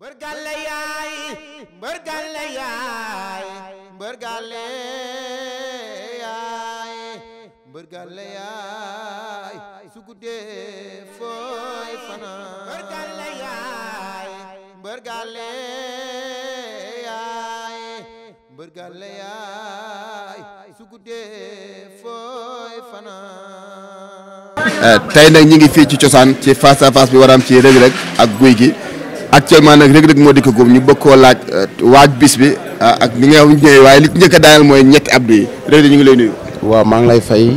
mbër gàlle yaay mbër gàlle yaay mbër gàlle yaay mbër gàlle yaay su guddee fooy fanaan eh, nag ñi ngi fii ci cosaan ci face à bi war ci Reug Reug ak guy gi actuellement nag Reug Reug moo di ko góob ñu bëgg koo laaj euh, waaj bis bi ah, ak ni nga ñëwee waaye li njëkk a daaneel mooy ñetti abdu yi Reug ñu ngi lay nuyu. waaw maa ngi lay fay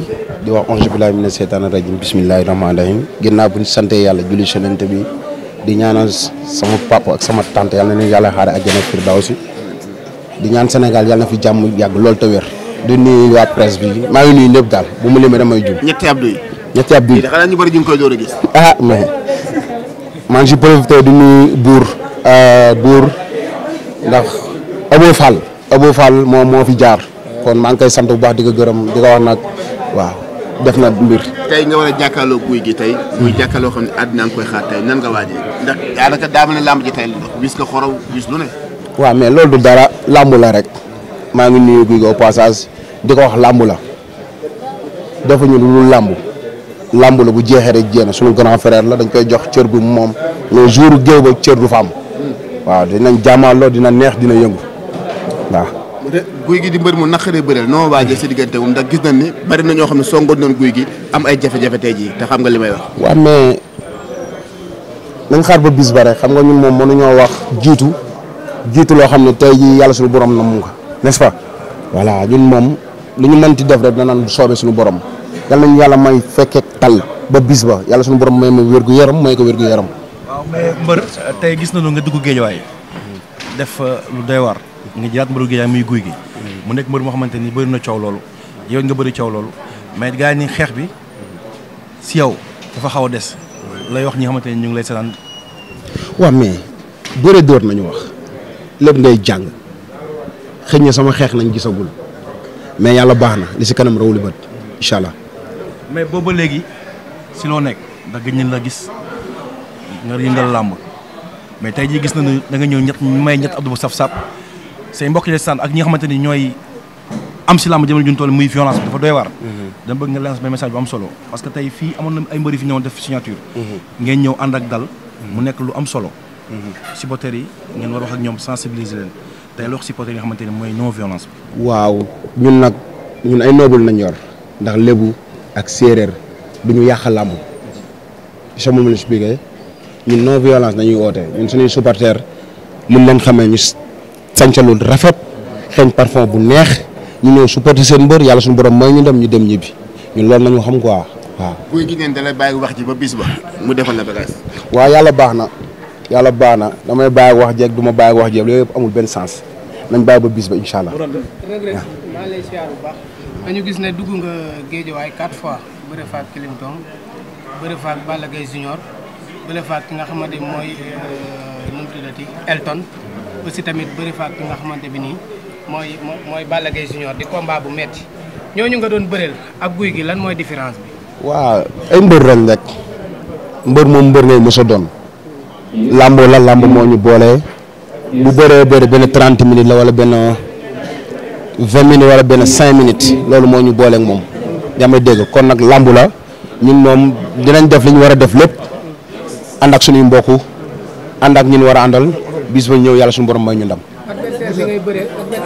di wax auzu billaahi mina seytaani rajiim bismillaahi rahmaani rahiim ginnaaw bu ñu sante yàlla julli sonante bi di ñaanal sama papa ak sama tante yàlla na yàlla xaare àjjana firdawsi di ñaan senegal yàlla na fi jàmm yàgg lool te wér. du nuyu waa presse bi maa ngi nuyu ñëpp daal bu mu limee damay jum. ñetti abdu yi. ñetti abdu yi. xanaa ñu bari ñu koy door gis. Ah, man ci profité du nuyu buur euh, buur ndax Abo Fall Abo Fall moom moo fi jaar kon maa ngi koy sant bu baax di ko gërëm di ko wax nag waaw def na mbir. tey nga war a jàkkaarloo guy gi tey. Hmm. muy jàkkaarloo xam ne àddina nga koy xaar tey nan nga waajee. ndax daanaka daa mel ne làmb ji tey bis nga xorow bis lu ne. waaw mais loolu du dara làmb la rek maa ngi nuyu guy gi passage di ko wax làmbu la defuñu lu làmb. làmb la bu jeexee rek na suñu grand frère la dañ koy jox cër bi moom mais jour géew ba cër du fa am. waaw dinañ jàmmaarloo dina neex dina yëngu waaw. guy gi di mbër mu naqaree bëreel noo waajee si diggante moom ndax gis nañ ni na ñoo xam ne songoon nañ guy gi am ay jafe tey jii te xam nga li may wax. waaw mais nañ ba bis ba rek xam nga ñun moom mënuñoo wax jiitu jiitu loo xam ne tey jii yàlla suñu borom na mu nga n'est-ce pas voilà ñun moom lu ñu mënti def rek danañ soobee suñu borom. yàlla nañu yàlla may fekkee tal ba bis ba yàlla suñu borom may ma wér gu yaram may ko wér gu yaram. waaw mais mbër tey gis nañu nga dugg géejawaay def euh, lu doy war nga jëlaat mbëru géejawaay muy guy gi. mu nekk mbër moo xamante ni bëri na coow loolu yow nga bëri coow loolu mais gars yi ni xeex bi si yow dafa xaw a des lay wax ñi xamante ni ñu ngi lay seetaan. waaw mais bëre dóor nañu wax lépp ngay jàng xëy na sama xeex nañ gisagul mais yàlla baax na li si kanam rawuli bët incha mais booba léegi si loo nekk ndax gëj nañ la gis nga yëngal làmb mais tey jii gis nañu da nga ñëw ñett may ñett abdu bu saf-saf say mbokk yi sant ak ñi xamante ni ñooy am si làmb jamono jun toll muy violence bi dafa doy war mhm. dama bëgg nga lancer benn message bu am solo parce que tey fii amoon na ay mbëri fi ñëwoon def signature mhm. ngeen ñëw ànd ak dal mu mhm. nekk lu am solo supporters yi ngeen war wax ak ñoom sensibiliser leen tey loo wax supporters nga xamante ni mooy non violence bi waaw ñun nag ñun ay noobul ak séeréer du ñu yàq làmb je me expliqué ñun non violence dañuy woote ñun suñuy supporter mun leen xamee ñu sàncalul rafet xeeñ parfum bu neex ñu ñëw supporter seen mbër yàlla suñ borom mooy ñu dem ñu dem ñibbi ñun loolu nañu xam quoi waaw. guy gi ngeen dalay wax ji ba bis ba mu defal la bagage. waaw yàlla baax na yàlla baax na damay bàyyi wax jeeg du ma bàyyi wax jeeg loolu yëpp amul benn sens nañ bàyyi ba bis ba incha allah. dañu gis ne dugg nga géejawaay quatre fois bëre fa ak Clinton bëre fa ak Balla Gaye Junior ki nga xamante mooy euh, nu mu tamit bëre fa nga xamante bi nii mooy mooy Balla Gaye Junior di combat bu metti ñoo ñu nga doon bëreel ak guy gi lan mooy différence bi. waaw ay mbër lañ rek mbër moom mbër ngay mos doon. làmboo la làmb moo ñu boole. bu bëree bëri benn 30 minutes la wala benn. vingt minutes wala benn cinq minutes loolu moo ñu booleeg moom yaa may dégg kon nag làmb la ñun moom dinañ def li ñu war a def lépp ànd ak suñuy mbokk ànd ak ñun war a àndal bis ba ñëw yàlla suñu borom may ñu ndam.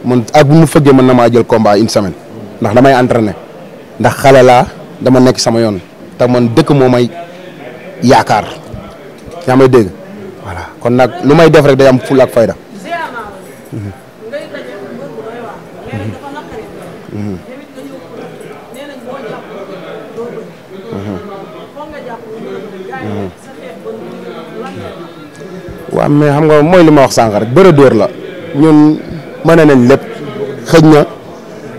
man ak bu mu fëggee mën na maa jël combat une semaine ndax damay entraîné ndax xale laa dama nekk sama yoon te man dëkk moo may yaakaar yaa may dégg voilà kon nag lu may def day am ful ak fayda. waaw mais xam nga mooy li ma wax sànq rek bëre dóor la mën nañ lépp xëj na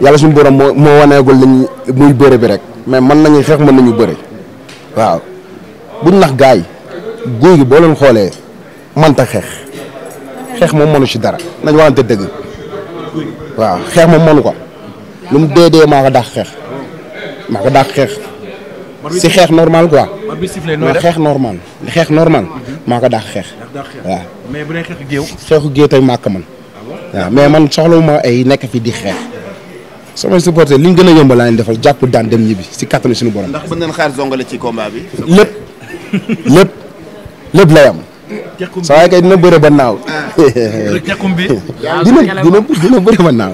yàlla suñ borom moo moo waneegul lañ muy bëre bi rek mais man nañu xeex mën nañu bëre waaw buñ nax gars yi guy gi boo leen xoolee mënta xeex xeex moom mënu ci dara nañ waxante dëgg waaw xeex moom mënu ko lu mu dee dee maa ko dàq xeex maa ko dàq xeex si xeex normal quoi ma xeex normal xeex normal mhm. maa ko dàq xeex waaw mais bu dee xeexu géew xeexu géew tey man waaw mais man soxlawuma ay nekk fi di xeex samay supporter li ñu gën a yomb laa leen defal jàpp daan dem ñibbi si kattanu suñu borom. a mën nañ xaar zongale ci combat bi. lépp lépp lay am. jàkkum dina bëre ba naaw. jàkkum bi. dina dina dina bëre ba naaw.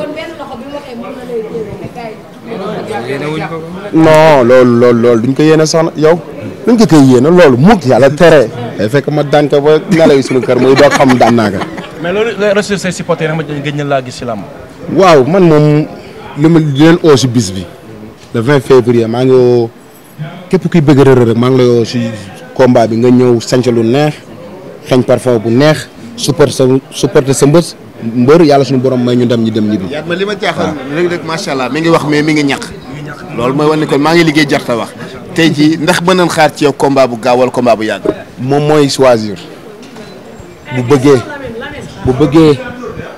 non loolu yow. duñ ko koy yéene loolu mukk yàlla tere. day fekk ma daan ko ba nelaw yi suñu kër muy doog xam daan naa ko mais loolu lay rassurer say supporters ma gëj na si làmb waaw man moom li ma di leen oo si bis bi le 20 février maa ngi woo képp kuy bëgg Reug maa ngi lay woo si combat bi nga ñëw sanc lu neex xeeñ parfum bu neex supporter sa supporter sa mbës mbër yàlla suñu borom may ñu dem ñu dem ñibbi. waaw yaat ma li ma jaaxal léegi rek macha allah mi ngi wax mais mi ngi ñàq. loolu mooy wane kon maa ngi liggéey jarta wax tey jii ndax mën nañ xaar ci yow combat bu gaawal wala bu yàgg. moom mooy choisir bu bëggee. bu bëggee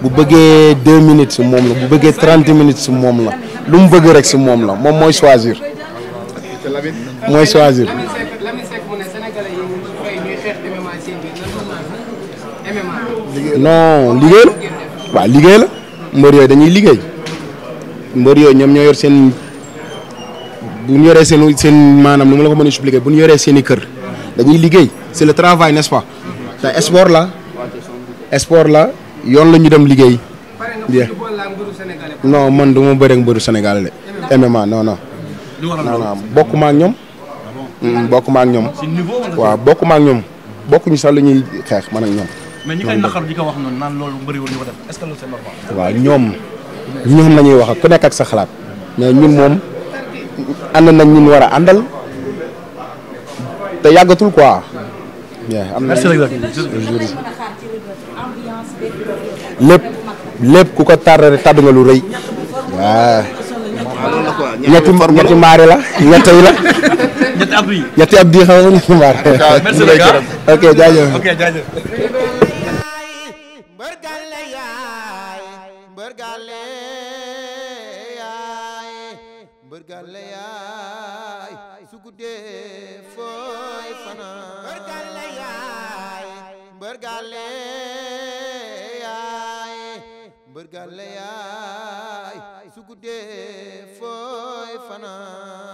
bu bëggee deux minutes si moom la bu bëggee trente minutes si moom la lu mu bëgg rek si moom la moom mooy choisir mooy choisir. non liggéey la waaw liggéey la mbër yooyu dañuy liggéey mbër yooyu ñom ñoo yor seen bu ñu yoree seen seen maanaam nu ma la ko mën a expliquer bu ñu yoree seen i kër dañuy liggéey c'est le travail n'est-ce pas te la sport la yoon lañu dem liggéey. non man du ma bëre ak mbëru Sénégal de. MMA non non. non bokk ma ak ñoom. Ah mm, bokk ma ñoom. bokkuñu sax lu ñuy xeex man ak ñoom. mais wax noonu naan loolu bëriwul ñu ko waaw ñoom ñoom la wax ak ku nekk ak sa xalaat mais ñun moom ànd nañ ñun war a àndal te yàggatul quoi. bien am na. lépp lépp ku ko tardé tàdd nga lu rëy waaw. ñetti la ñetti yi la. ñetti abdi nga ñetti mbaari. ok ok jaajëf. sargal yaay su fanaan